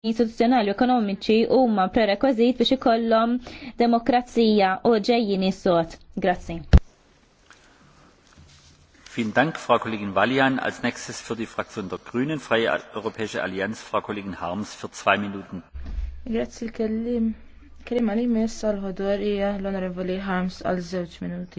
istituzzjonali u ekonomiċi huma prerekwiżit biex ikollhom demokrazija u ġejjin is sot. Grazzi. Vielen Dank, Frau Kollegin Wallian. Als nächstes für die Fraktion der Grünen, Freie Europäische Allianz, Frau Kollegin Harms für zwei Minuten. Grazie, kellim. Kellim għalim jessa l-ħodor hija Harms als żewġ minuti.